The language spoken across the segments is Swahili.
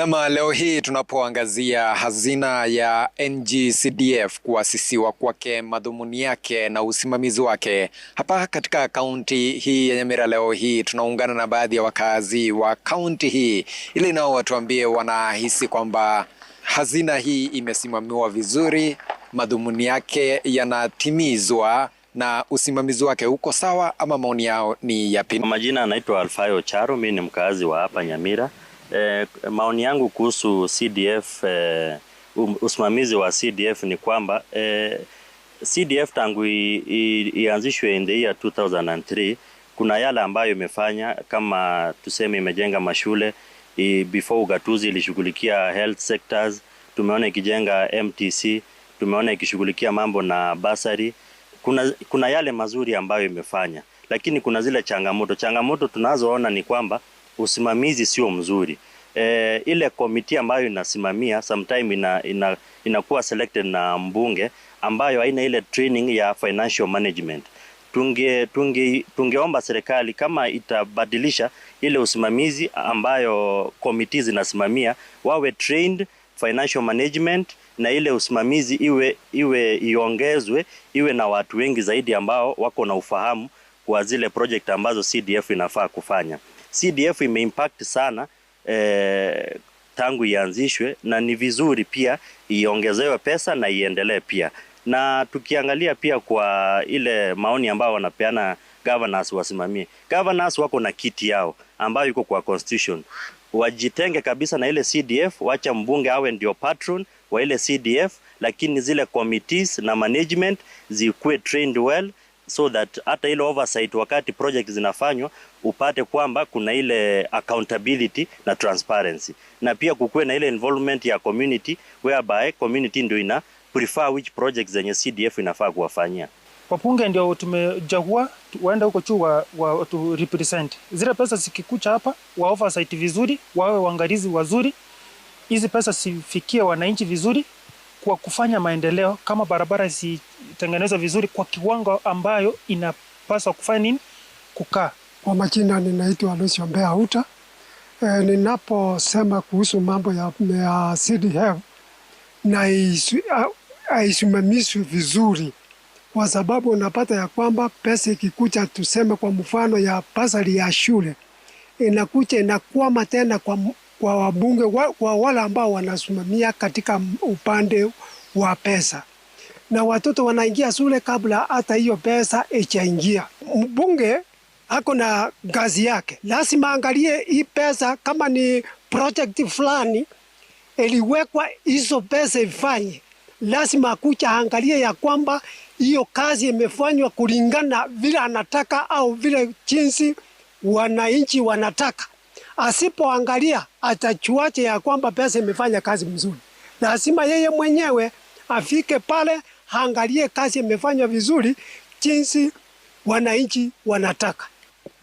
Nama leo hii tunapoangazia hazina ya ngcdf kuasisiwa kwake, madhumuni yake na usimamizi wake, hapa katika kaunti hii ya Nyamira, leo hii tunaungana na baadhi ya wakazi wa kaunti hii ili nao watuambie wanahisi kwamba hazina hii imesimamiwa vizuri, madhumuni yake yanatimizwa na usimamizi wake uko sawa, ama maoni yao ni yapi? majina anaitwa Alfayo Charo, mimi ni mkaazi wa hapa Nyamira. Eh, maoni yangu kuhusu CDF eh, um, usimamizi wa CDF ni kwamba eh, CDF tangu ianzishwe in the year 2003 kuna yale ambayo imefanya kama tuseme, imejenga mashule i, before ugatuzi ilishughulikia health sectors. Tumeona ikijenga MTC, tumeona ikishughulikia mambo na basari. Kuna, kuna yale mazuri ambayo imefanya, lakini kuna zile changamoto. Changamoto tunazoona ni kwamba usimamizi sio mzuri. E, ile komiti ambayo inasimamia sometime ina, ina, inakuwa selected na mbunge ambayo haina ile training ya financial management. Tunge, tunge, tungeomba serikali kama itabadilisha ile usimamizi ambayo komiti zinasimamia wawe trained financial management na ile usimamizi iwe, iwe iongezwe iwe na watu wengi zaidi ambao wako na ufahamu kwa zile project ambazo CDF inafaa kufanya. CDF imeimpact sana eh, tangu ianzishwe na ni vizuri pia iongezewe pesa na iendelee pia. Na tukiangalia pia kwa ile maoni ambayo wanapeana governors wasimamie. Governors wako na kiti yao ambayo iko kwa constitution. Wajitenge kabisa na ile CDF, wacha mbunge awe ndio patron wa ile CDF, lakini zile committees na management zikuwe trained well so that hata ile oversight wakati project zinafanywa upate kwamba kuna ile accountability na transparency, na pia kukuwe na ile involvement ya community whereby community ndio ina prefer which projects zenye CDF inafaa kuwafanyia. Wapunge ndio tumejagua waenda huko chuo wa, wa, tu represent zile pesa zikikucha hapa, wa oversight vizuri, wawe waangalizi wazuri, hizi pesa sifikie wananchi vizuri, kwa kufanya maendeleo kama barabara si kutengenezwa vizuri kwa kiwango ambayo inapaswa kufanya nini kukaa. Kwa majina ninaitwa Lucio Mbea Uta. E, ninaposema kuhusu mambo ya, ya CDF na haisimamishwi vizuri, kwa sababu unapata ya kwamba pesa ikikucha, tuseme kwa mfano ya pasari ya shule inakucha inakwama tena kwa, kwa wabunge wa, kwa wale ambao wanasimamia katika upande wa pesa na watoto wanaingia shule kabla hata hiyo pesa ichaingia. Mbunge ako na gazi yake, lazima angalie hii pesa, kama ni project fulani iliwekwa hizo pesa ifanye, lazima akucha angalie ya kwamba hiyo kazi imefanywa kulingana vile anataka au vile jinsi wananchi wanataka. Asipoangalia atachuache ya kwamba pesa imefanya kazi mzuri. Lazima yeye mwenyewe afike pale haangalie kazi imefanywa vizuri jinsi wananchi wanataka.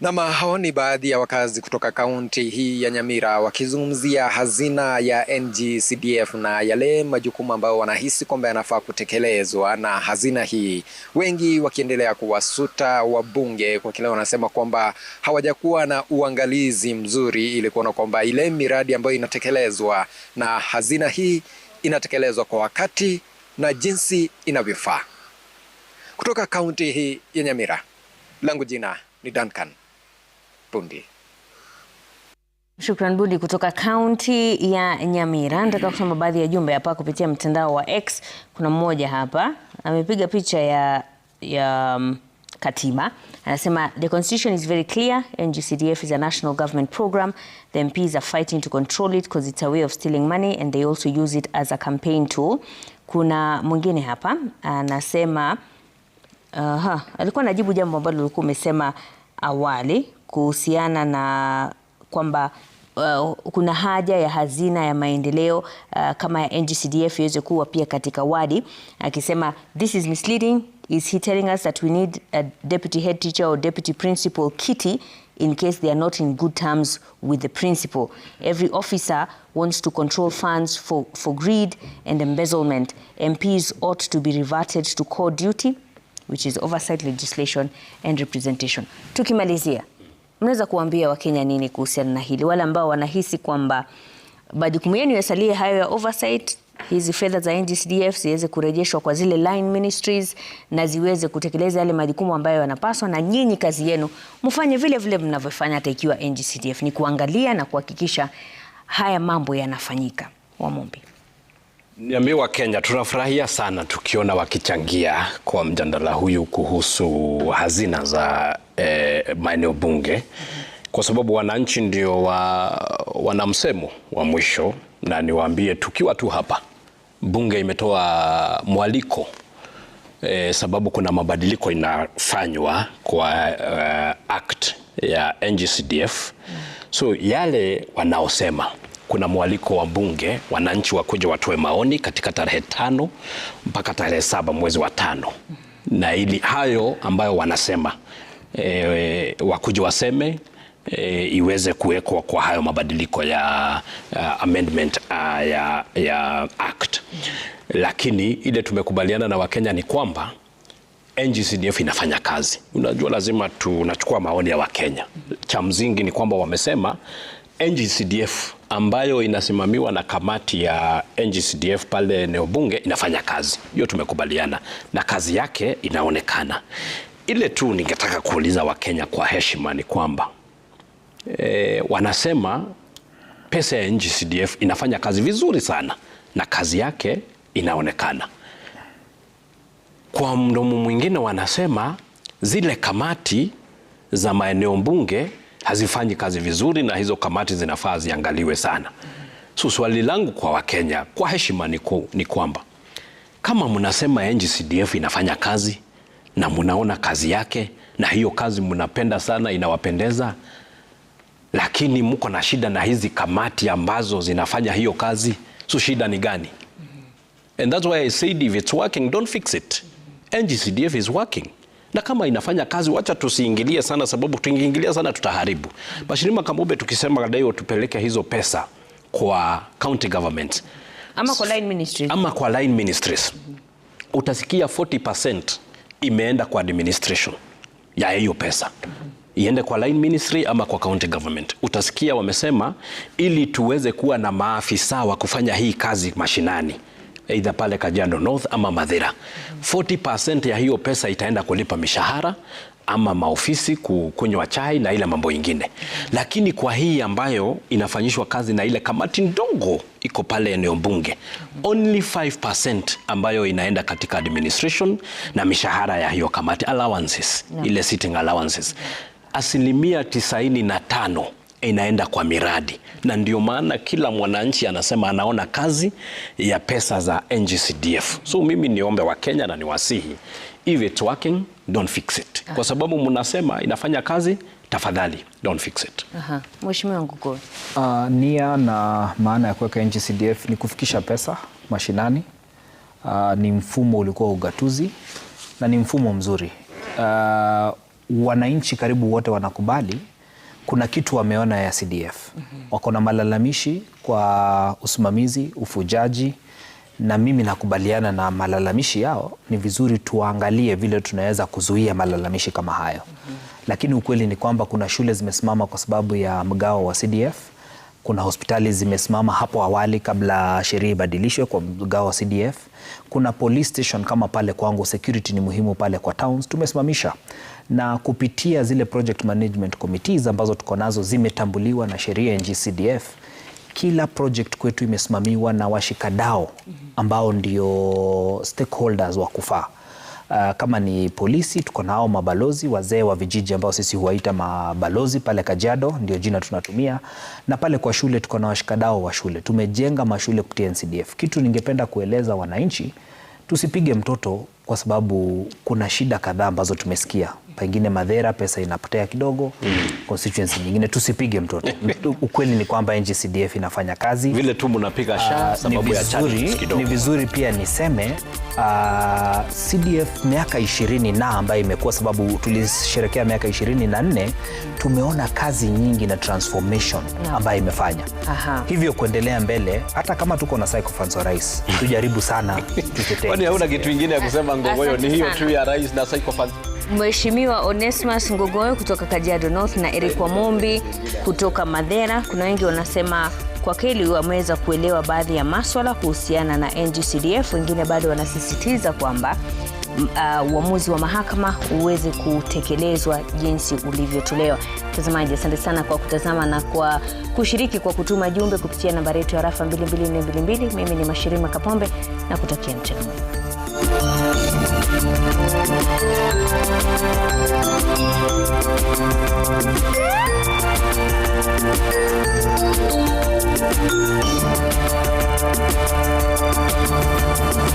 Nama hao ni baadhi ya wakazi kutoka kaunti hii ya Nyamira wakizungumzia hazina ya NG-CDF na yale majukumu ambayo wanahisi kwamba yanafaa kutekelezwa na hazina hii, wengi wakiendelea kuwasuta wabunge kwa kile wanasema kwamba hawajakuwa na uangalizi mzuri ili kuona kwamba ile miradi ambayo inatekelezwa na hazina hii inatekelezwa kwa wakati na jinsi inavyofaa. Kutoka kaunti hii ya Nyamira, langu jina ni Duncan Bundi. Shukran Budi kutoka kaunti ya Nyamira. Nataka kusoma baadhi ya jumbe hapa kupitia mtandao wa X. Kuna mmoja hapa amepiga picha ya, ya katiba. Anasema the constitution is very clear. NGCDF is a national government program. The MPs are fighting to control it because it's a way of stealing money and they also use it as a campaign tool. Kuna mwingine hapa anasema uh, alikuwa anajibu jambo ambalo ulikuwa umesema awali kuhusiana na kwamba uh, kuna haja ya hazina ya maendeleo uh, kama ya NGCDF iweze kuwa pia katika wadi, akisema this is misleading is he telling us that we need a deputy head teacher or deputy principal kitty in case they are not in good terms with the principal. Every officer wants to control funds for, for greed and embezzlement. MPs ought to be reverted to core duty, which is oversight legislation and representation. Tukimalizia mnaweza kuambia Wakenya nini kuhusiana na hili, wale ambao wanahisi kwamba majukumu yenu yasalie hayo ya oversight, hizi fedha za NGCDF ziweze kurejeshwa kwa zile line ministries na ziweze kutekeleza yale majukumu ambayo yanapaswa, na nyinyi kazi yenu mfanye vile vile mnavyofanya, hata ikiwa NGCDF ni kuangalia na kuhakikisha haya mambo yanafanyika. Wamombi. Niambie wa Kenya tunafurahia sana tukiona wakichangia kwa mjadala huyu kuhusu hazina za eh, maeneo bunge kwa sababu wananchi ndio wa, wana msemo wa mwisho, na niwaambie tukiwa tu hapa bunge imetoa mwaliko eh, sababu kuna mabadiliko inafanywa kwa uh, act ya NGCDF, so yale wanaosema kuna mwaliko wa bunge, wananchi wakuja watoe maoni katika tarehe tano mpaka tarehe saba mwezi wa tano, na ili hayo ambayo wanasema e, wakuja waseme e, iweze kuwekwa kwa hayo mabadiliko ya uh, amendment uh, ya, ya act. Lakini ile tumekubaliana na Wakenya ni kwamba NGCDF inafanya kazi. Unajua, lazima tunachukua maoni ya Wakenya. Cha msingi ni kwamba wamesema NGCDF ambayo inasimamiwa na kamati ya NGCDF pale eneo bunge inafanya kazi hiyo, tumekubaliana na kazi yake inaonekana. Ile tu ningetaka kuuliza Wakenya kwa heshima ni kwamba e, wanasema pesa ya NGCDF inafanya kazi vizuri sana na kazi yake inaonekana. Kwa mdomo mwingine wanasema zile kamati za maeneo bunge hazifanyi kazi vizuri, na hizo kamati zinafaa ziangaliwe sana. So swali langu kwa Wakenya kwa heshima ni, ku, ni kwamba kama mnasema ng inafanya kazi na mnaona kazi yake na hiyo kazi mnapenda sana, inawapendeza, lakini mko na shida na hizi kamati ambazo zinafanya hiyo kazi, so shida ni gani? And that's why I said if it's working don't fix it. ng is working na kama inafanya kazi, wacha tusiingilie sana, sababu tukiingilia sana tutaharibu. Mheshimiwa Kamube, tukisema leo tupeleke hizo pesa kwa county government ama kwa line ministries, ama kwa line ministries utasikia 40% imeenda kwa administration ya hiyo pesa iende kwa line ministry ama kwa county government. Utasikia wamesema ili tuweze kuwa na maafisa wa kufanya hii kazi mashinani either pale Kajiado North ama Mathira. 40% ya hiyo pesa itaenda kulipa mishahara ama maofisi kukunywa chai na ile mambo ingine, lakini kwa hii ambayo inafanyishwa kazi na ile kamati ndogo iko pale eneo bunge, only 5% ambayo inaenda katika administration na mishahara ya hiyo kamati allowances, ile sitting allowances asilimia 95 inaenda kwa miradi, na ndio maana kila mwananchi anasema anaona kazi ya pesa za NGCDF. So mimi niombe kenya na niwasihi, if it working don't fix it, kwa sababu mnasema inafanya kazi Tafadhali, don't fix it. Aha. Mheshimiwa Nguko. Uh, nia na maana ya kuweka NGCDF ni kufikisha pesa mashinani. Uh, ni mfumo ulikuwa ugatuzi na ni mfumo mzuri. Uh, wananchi karibu wote wanakubali kuna kitu wameona ya CDF mm -hmm. Wako na malalamishi kwa usimamizi, ufujaji na mimi nakubaliana na malalamishi yao. Ni vizuri tuangalie vile tunaweza kuzuia malalamishi kama hayo mm -hmm. Lakini ukweli ni kwamba kuna shule zimesimama kwa sababu ya mgao wa CDF kuna hospitali zimesimama hapo awali kabla sheria ibadilishwe kwa mgao wa CDF. Kuna police station kama pale kwangu, security ni muhimu pale kwa towns, tumesimamisha na kupitia zile project management committees ambazo tuko nazo zimetambuliwa na sheria ya Kila project kwetu imesimamiwa na washikadao ambao ndio stakeholders wa kufaa uh, kama ni polisi tuko nao mabalozi, wazee wa vijiji ambao sisi huwaita mabalozi. Pale kajado ndio jina tunatumia, na pale kwa shule tuko na washikadao wa shule. Tumejenga mashule kupitia NCDF. Kitu ningependa kueleza wananchi, tusipige mtoto kwa sababu kuna shida kadhaa ambazo tumesikia pengine madhera, pesa inapotea kidogo mm. constituency nyingine, tusipige mtoto. Ukweli ni kwamba NGCDF inafanya kazi vile tu mnapiga sha ah, sababu ya charges kidogo. Ni vizuri pia niseme uh, ah, CDF miaka 20 na ambayo imekuwa sababu tulisherekea miaka 24, tumeona kazi nyingi na transformation ambayo imefanya Aha. Hivyo kuendelea mbele, hata kama tuko na cycle funds wa rais tujaribu sana tutetee. Kwani hauna kitu kingine ya kusema ngongoyo Ni hiyo tu ya rais na cycle funds. Mheshimiwa Onesmus Ngogoyo kutoka Kajiado North na Eric Wamombi kutoka Madhera. Kuna wengi wanasema kwa kweli wameweza kuelewa baadhi ya maswala kuhusiana na ngcdf Wengine bado wanasisitiza kwamba mm, uh, uamuzi wa mahakama uweze kutekelezwa jinsi ulivyotolewa. Mtazamaji, asante sana kwa kutazama na kwa kushiriki kwa kutuma jumbe kupitia nambari yetu ya rafa 2222 Mimi ni Mashirima Kapombe na kutakia mchana mwema. Debe ser un